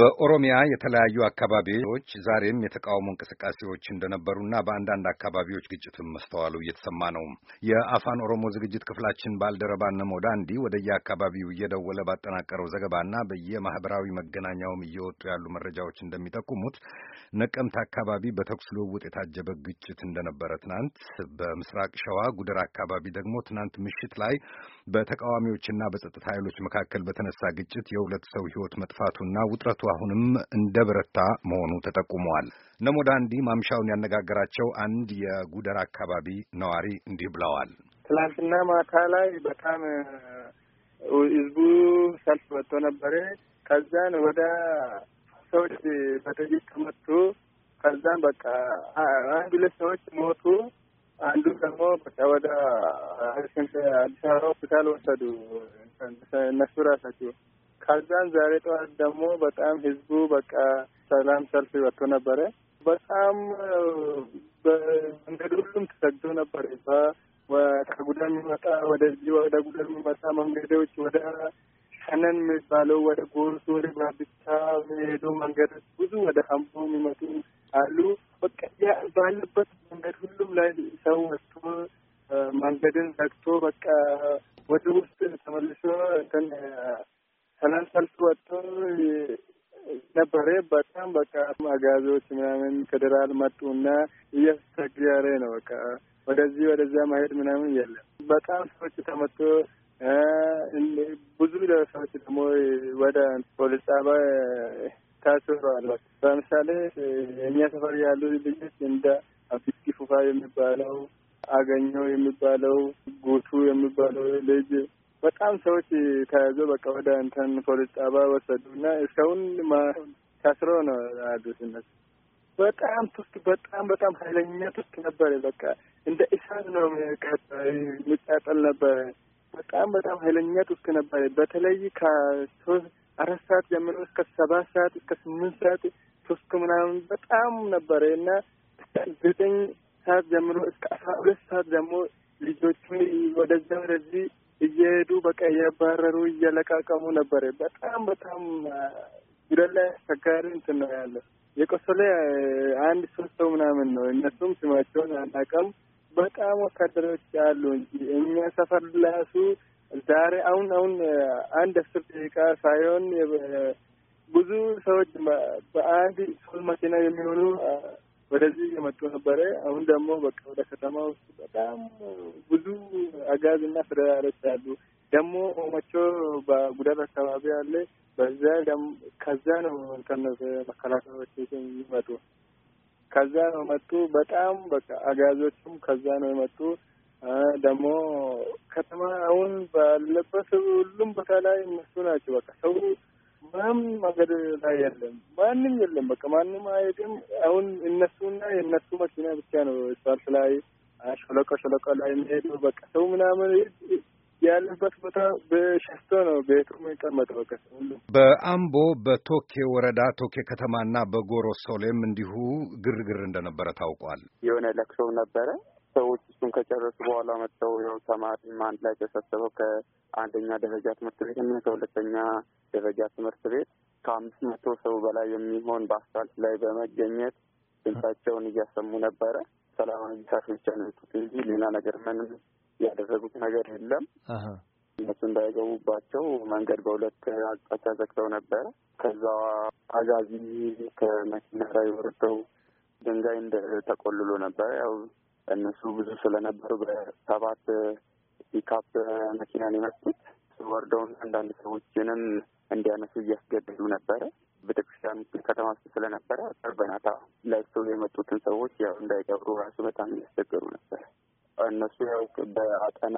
በኦሮሚያ የተለያዩ አካባቢዎች ዛሬም የተቃውሞ እንቅስቃሴዎች እንደነበሩና በአንዳንድ አካባቢዎች ግጭትም መስተዋሉ እየተሰማ ነው። የአፋን ኦሮሞ ዝግጅት ክፍላችን ባልደረባ ነሞዳ እንዲ ወደየ አካባቢው እየደወለ ባጠናቀረው ዘገባና በየማህበራዊ መገናኛውም እየወጡ ያሉ መረጃዎች እንደሚጠቁሙት ነቀምት አካባቢ በተኩስ ልውውጥ የታጀበ ግጭት እንደነበረ ትናንት፣ በምስራቅ ሸዋ ጉደር አካባቢ ደግሞ ትናንት ምሽት ላይ በተቃዋሚዎችና በጸጥታ ኃይሎች መካከል በተነሳ ግጭት የሁለት ሰው ሕይወት መጥፋቱና ውጥረቱ አሁንም እንደ በረታ መሆኑ ተጠቁመዋል። ነሞዳንዲ ማምሻውን ያነጋገራቸው አንድ የጉደር አካባቢ ነዋሪ እንዲህ ብለዋል። ትላንትና ማታ ላይ በጣም ህዝቡ ሰልፍ መጥቶ ነበረ። ከዛን ወደ ሰዎች በጥይት ተመቱ። ከዛን በቃ አንድ ሁለት ሰዎች ሞቱ። አንዱ ደግሞ ወደ አዲስ አበባ ሆስፒታል ወሰዱ እነሱ ራሳቸው። ከዛን ዛሬ ጠዋት ደግሞ በጣም ህዝቡ በቃ ሰላም ሰልፍ ወጥቶ ነበረ። በጣም መንገድ ሁሉም ተሰግዶ ነበረ። ከጉዳ የሚመጣ ወደዚህ ወደ ጉዳ የሚመጣ መንገዶች ወደ ሸነን የሚባለው ወደ ጎርሱ ወደ ባቢታ የሚሄዱ መንገዶች ብዙ ወደ አምቦ የሚመጡ አሉ። በቃ ባለበት መንገድ ሁሉም ላይ ሰው ወጥቶ መንገድን ዘግቶ በቃ ወደ ውስጥ ተመልሶ እንትን ሰላም ሰልፍ ወጥቶ ነበረ። በጣም በቃ አጋዞች ምናምን ፌዴራል መጡና እያስቸገረ ነው። በቃ ወደዚህ ወደዚያ ማሄድ ምናምን የለም። በጣም ሰዎች ተመቶ ብዙ ሰዎች ደግሞ ወደ ፖሊስ ጣቢያ ታስሯል። ለምሳሌ እኛ ሰፈር ያሉ ልጆች እንደ አፊስኪ ፉፋ የሚባለው አገኘው የሚባለው ጉቱ የሚባለው ልጅ በጣም ሰዎች ተያዘ። በቃ ወደ እንትን ፖሊስ ጣባ ወሰዱ እና እስካሁን ታስሮ ነው አሉት እነሱ። በጣም ቱስክ በጣም በጣም ኃይለኛ ቱስክ ነበር። በቃ እንደ እሳት ነው የሚቃጠል ነበር። በጣም በጣም ኃይለኛ ቱስክ ነበር። በተለይ ከሶስት አራት ሰዓት ጀምሮ እስከ ሰባት ሰዓት እስከ ስምንት ሰዓት ሶስት ምናምን በጣም ነበረ እና ዘጠኝ ሰዓት ጀምሮ እስከ አስራ ሁለት ሰዓት ደግሞ ልጆቹ ወደዛ ወደዚህ እየሄዱ በቃ እያባረሩ እያለቃቀሙ ነበረ። በጣም በጣም ጉዳት ላይ አስቸጋሪ እንትን ነው ያለ የቆሰለ አንድ ሶስት ሰው ምናምን ነው። እነሱም ስማቸውን አናውቅም። በጣም ወታደሮች አሉ እንጂ እኛ ሰፈር ላሱ ዛሬ አሁን አሁን አንድ አስር ደቂቃ ሳይሆን ብዙ ሰዎች በአንድ ሶስት መኪና የሚሆኑ ወደዚህ የመጡ ነበረ። አሁን ደግሞ በቃ ወደ ከተማ ውስጥ በጣም ብዙ አጋዝ እና ፍራሮች አሉ። ደግሞ ኦሞቾ በጉዳት አካባቢ አለ። በዛ ከዛ ነው ከነዚ መከላከያዎች የሚመጡ ከዛ ነው መጡ። በጣም በቃ አጋዞችም ከዛ ነው የመጡ። ደግሞ ከተማ አሁን ባለበት ሁሉም ቦታ ላይ እነሱ ናቸው። በቃ ሰው ምንም መንገድ ላይ የለም፣ ማንም የለም። በቃ ማንም አይሄድም። አሁን እነሱና የእነሱ መኪና ብቻ ነው ስፓልት ላይ ሸለቆ ሸለቆ ላይ የሚሄዱ በቃ ሰው ምናምን ያለበት ቦታ በሸስቶ ነው ቤቱ የሚቀመጥ። በቃ በአምቦ በቶኬ ወረዳ ቶኬ ከተማና በጎሮ ሶሌም እንዲሁ ግርግር እንደነበረ ታውቋል። የሆነ ለቅሶ ነበረ። ሰዎች እሱን ከጨረሱ በኋላ መጥተው ያው ተማሪም አንድ ላይ ተሰብስበው ከአንደኛ ደረጃ ትምህርት ቤት እና ከሁለተኛ ደረጃ ትምህርት ቤት ከአምስት መቶ ሰው በላይ የሚሆን በአስፋልት ላይ በመገኘት ድምጻቸውን እያሰሙ ነበረ። ሰላማዊ ሰልፍ ብቻ ነው የወጡት እንጂ ሌላ ነገር ምንም ያደረጉት ነገር የለም። እነሱ እንዳይገቡባቸው መንገድ በሁለት አቅጣጫ ዘግተው ነበረ። ከዛ አጋዚ ከመኪና ላይ ወርደው ድንጋይ እንደተቆልሎ ነበረ ያው እነሱ ብዙ ስለነበሩ በሰባት ፒካፕ መኪናን የመጡት ወርደውና አንዳንድ ሰዎችንም እንዲያነሱ እያስገደዱ ነበረ። ቤተክርስቲያን ከተማ ውስጥ ስለነበረ ቅርበናታ ለብሰው የመጡትን ሰዎች ያው እንዳይቀብሩ ራሱ በጣም እያስቸገሩ ነበር። እነሱ ያው በአጠና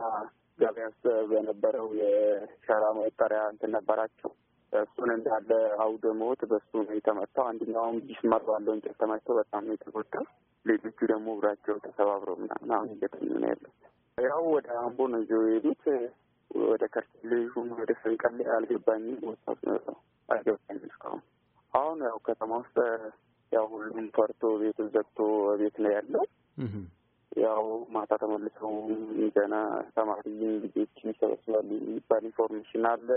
ገበያ ውስጥ በነበረው የሸራ መጠሪያ እንትን ነበራቸው እሱን እንዳለ አውደ ሞት በሱ ነው የተመታው። አሁን ቢስማር ባለው እንጨት ተመቶ በጣም ነው የተጎዳው። ሌሎቹ ደግሞ እግራቸው ተሰባብረው ምናምን አሁን እየተኙ ነው ያሉት። ያው ወደ አምቦ ነው ይዘው የሄዱት። ወደ ከርቸሌ ይሁን ወደ ሰንቀሌ አልገባኝም፣ ቦታ አልገባኝም እስካሁን። አሁን ያው ከተማ ውስጥ ያው ሁሉም ፈርቶ ቤቱን ዘግቶ ቤት ነው ያለው። ያው ማታ ተመልሰው ገና ተማሪ ልጆች ይሰበስባሉ የሚባል ኢንፎርሜሽን አለ።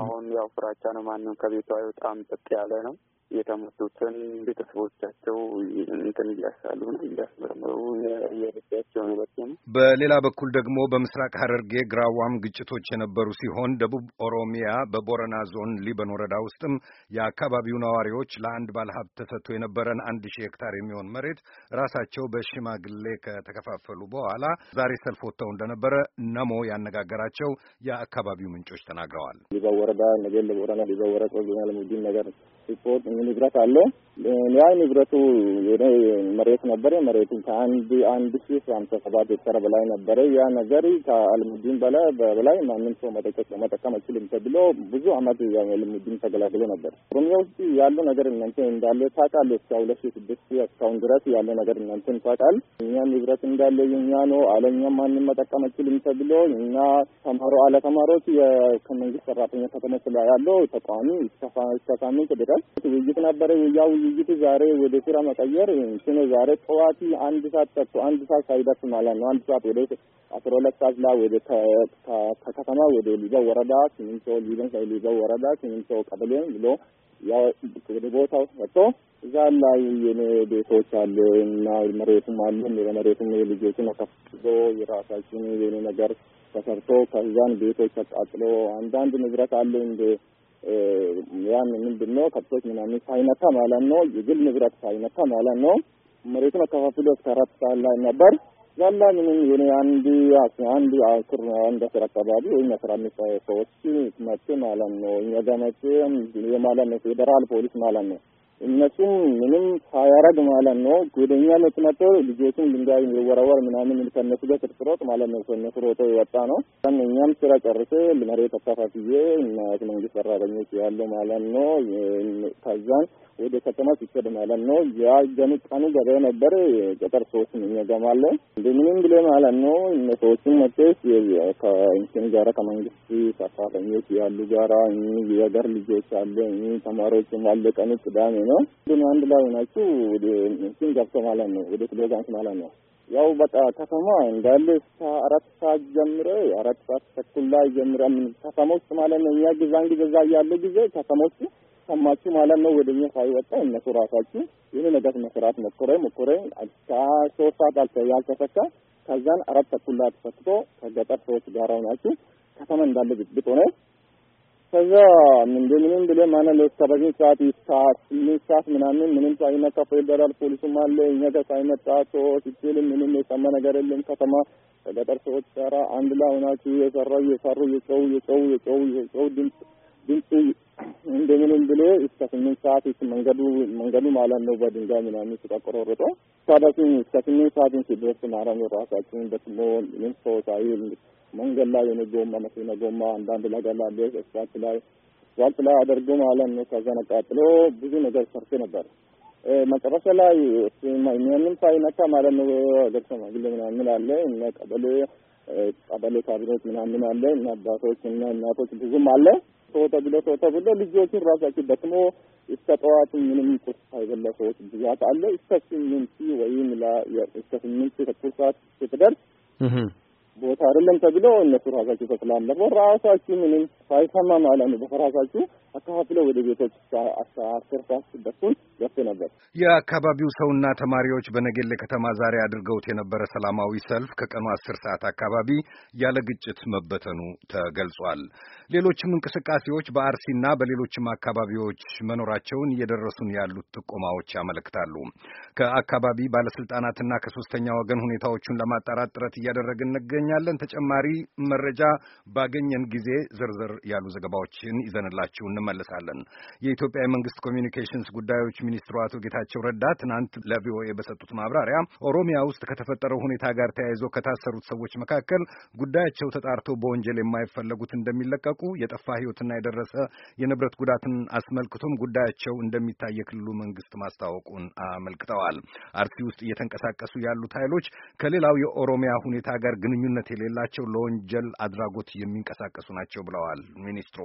አሁን ያው ፍራቻ ነው። ማንም ከቤቱ አይወጣም። ጸጥ ያለ ነው። የተመቱትን ቤተሰቦቻቸው እንትን እያሳሉ ነው እያስመረመሩ እየርዳቸው ነው። በሌላ በኩል ደግሞ በምስራቅ ሐረርጌ ግራዋም ግጭቶች የነበሩ ሲሆን ደቡብ ኦሮሚያ በቦረና ዞን ሊበን ወረዳ ውስጥም የአካባቢው ነዋሪዎች ለአንድ ባለሀብት ተሰጥቶ የነበረን አንድ ሺህ ሄክታር የሚሆን መሬት ራሳቸው በሽማግሌ ከተከፋፈሉ በኋላ ዛሬ ሰልፍ ወጥተው እንደነበረ ነሞ ያነጋገራቸው የአካባቢው ምንጮች ተናግረዋል። ሊበን ወረዳ ነገ ለቦረና ሊበን ወረዳ ዞናል ነገር ሪፖርት ንብረት አለ። ያው ንብረቱ መሬት ነበረ። መሬቱ ከአንድ አንድ ሺ ሃምሳ ሰባት ሄክተር በላይ ነበረ። ያ ነገር ከአልሙዲን በላይ በላይ ማንም ሰው መጠቀም አይችልም ተብሎ ብዙ አመት አልሙዲን ተገላግሎ ነበር። ኦሮሚያ ውስጥ ያሉ ነገር እናንተ እንዳለ ታውቃል። እስከ ሁለት ሺ ስድስት እስካሁን ድረስ ያለ ነገር እናንተን ታውቃል። እኛ ንብረት እንዳለ የኛ ነው አለኛ ማንም መጠቀም አይችልም ተብሎ እኛ ተማሮ አለ ተማሮች ከመንግስት ሰራተኛ ከተመስላ ያለው ተቃዋሚ እስከ ሳምንት ድረስ ውይይት ነበረ ያው ውይይት ዛሬ ወደ ስራ መቀየር ስነ ዛሬ ጠዋት አንድ ሰዓት ጠጥቶ አንድ ሰዓት ሳይደርስ ማለት ነው አንድ ሰዓት ወደ አስራ ሁለት ሰዓት ላይ ወደ ከከተማ ወደ ሊበን ወረዳ ሲሚንቶ ሰው ሊበን ሳይ ሊበን ወረዳ ሲሚንቶ ሰው ቀበሌ ብሎ ወደ ቦታው መጥቶ እዛ ላይ የኔ ቤቶች አለ እና መሬቱም አለ መሬቱም የልጆችን ከፍሎ የራሳችን የኔ ነገር ተሰርቶ ከዛን ቤቶች ተቃጥሎ አንዳንድ ንብረት አለ እንደ ያን ምንድን ነው ከብቶች ምናምን ሳይነካ ማለት ነው፣ የግል ንብረት ሳይነካ ማለት ነው። መሬቱን አከፋፍሎ እስከ አራት ሰዓት ላይ ነበር ያላ ምንም የኔ አንድ አንድ አስር አንድ አስር አካባቢ ወይም አስራ አምስት ሰዎች መጥ ማለት ነው እኛ ጋር መቼ የማለት ነው ፌዴራል ፖሊስ ማለት ነው እነሱም ምንም ሳያረግ ማለት ነው ጉደኛ ነት መጥቶ ልጆቹን ድንጋይ ይወረወር ምናምን ከነሱ ጋር ቅጥቅሮት ማለት ነው። ከነሱ ሮጦ የወጣ ነው። እኛም ስራ ጨርሴ መሬት አካፋፍዬ እናት መንግስት ሰራተኞች ያለው ማለት ነው። ከዛን ወደ ከተማ ሲሄድ ማለት ነው ያ ገኑ ቀኑ ገበያ ነበር። ሶስት ሰዎች የሚያገማለ እንደምንም ብለ ማለት ነው ሰዎችን መጤስ ከእንትን ጋራ ከመንግስት ሰራተኞች ያሉ ጋራ የገር ልጆች አለ ተማሪዎችም አለ ቀኑ ቅዳሜ ነው። ግን አንድ ላይ ሆናችሁ ወደ እንትን ገብቶ ማለት ነው፣ ወደ ፕሌዛንት ማለት ነው። ያው በቃ ከተማ እንዳለ እስከ አራት ሰዓት ጀምረ አራት ሰዓት ተኩል ላይ ጀምረ ምን ከተማ ማለት ነው። እኛ ግዛን ጊዜ እዛ ያለ ጊዜ ከተማ ውስጥ ሰማችሁ ማለት ነው። ወደ እኛ ሳይወጣ እነሱ ራሳችሁ ይህን ነገር መስራት ሞክረ ሞክረ እስከ ሶስት ሰዓት ያልተፈታ ከዛን አራት ተኩል ላይ ተፈትቶ ከገጠር ሰዎች ጋር ሆናችሁ ከተማ እንዳለ ብጥብጥ ሆነ ከዛ ምንድ ምንም ብለ ማነ ለሰራተኞች ሰዓት ይስታት ስምንት ሰዓት ምናምን ምንም ሳይመጣ ፌደራል ፖሊሱም አለ እኛ ጋር ሳይመጣ ሰዎች ይችልም ምንም የሰማ ነገር የለም። ከተማ ከገጠር ሰዎች ጋራ አንድ ላይ ሆናችሁ የሰራው የሰሩ የጨው የጨው የጨው የጨው ድምፅ ድምፅ እንደምንም ብሎ እስከ ስምንት ሰዓት ስ መንገዱ መንገዱ ማለት ነው በድንጋይ ምናምን ስቆረቆረጦ እስከ ስምንት ሰዓትን ሲደርስ ማረም ራሳችን ደግሞ ምንም ሰዎች አይ መንገድ ላይ የሆነ ጎማ መኪና ጎማ አንዳንድ ነገር ላይ አስፋልት ላይ አስፋልት ላይ አደርጎ ማለት ነው። ከዛን አቃጥሎ ብዙ ነገር ሰርቶ ነበር። መጨረሻ ላይ ምንም ሳይነካ ማለት ነው። ገር ሽማግሌ ምናምን አለ እና ቀበሌ ቀበሌ ካቢኔት ምናምን አለ እና አባቶች እና እናቶች ብዙም አለ። ቶተ ብሎ ቶተ ብሎ ልጆቹን ራሳቸው ደክሞ እስከ ጠዋቱ ምንም ቁርስ ሳይበላ ሰዎች ብዛት አለ። እስከ ስምንት ወይም እስከ ስምንት ተኩል ሰዓት ስትደርስ ቦታ አይደለም ተብሎ እነሱ ራሳቸው ተስላለፈ ራሳችሁ ምንም ሳይሰማ ማለት ነው በራሳችሁ አካፍለው ወደ ቤቶች አስር ሰዓት ሲደርሱን ገብቶ ነበር። የአካባቢው ሰውና ተማሪዎች በነጌሌ ከተማ ዛሬ አድርገውት የነበረ ሰላማዊ ሰልፍ ከቀኑ አስር ሰዓት አካባቢ ያለ ግጭት መበተኑ ተገልጿል። ሌሎችም እንቅስቃሴዎች በአርሲና በሌሎችም አካባቢዎች መኖራቸውን እየደረሱን ያሉት ጥቆማዎች ያመለክታሉ። ከአካባቢ ባለስልጣናትና ከሶስተኛ ወገን ሁኔታዎቹን ለማጣራት ጥረት እያደረግን እንገኛለን። ተጨማሪ መረጃ ባገኘን ጊዜ ዝርዝር ያሉ ዘገባዎችን ይዘንላችሁ እንመልሳለን። የኢትዮጵያ የመንግስት ኮሚኒኬሽንስ ጉዳዮች ሚኒስትሩ አቶ ጌታቸው ረዳ ትናንት ለቪኦኤ በሰጡት ማብራሪያ ኦሮሚያ ውስጥ ከተፈጠረው ሁኔታ ጋር ተያይዞ ከታሰሩት ሰዎች መካከል ጉዳያቸው ተጣርቶ በወንጀል የማይፈለጉት እንደሚለቀቁ፣ የጠፋ ሕይወትና የደረሰ የንብረት ጉዳትን አስመልክቶም ጉዳያቸው እንደሚታይ የክልሉ መንግስት ማስታወቁን አመልክተዋል። አርሲ ውስጥ እየተንቀሳቀሱ ያሉት ኃይሎች ከሌላው የኦሮሚያ ሁኔታ ጋር ግንኙነት የሌላቸው ለወንጀል አድራጎት የሚንቀሳቀሱ ናቸው ብለዋል ሚኒስትሩ።